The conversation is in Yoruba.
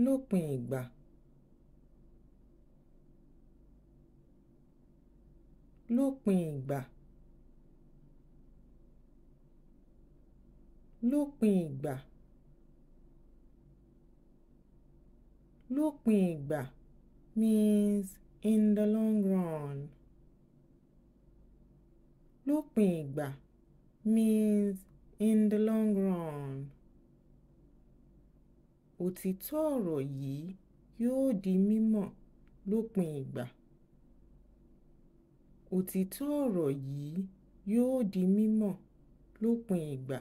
lópin ìgbà lópin ìgbà lópin ìgbà lópin ìgbà means in the long run lópin ìgbà means in the long run òtítọ́ ọ̀rọ̀ yìí yóò di mímọ̀ lópin ìgbà. òtítọ́ ọ̀rọ̀ yìí yóò di mímọ̀ lópin ìgbà.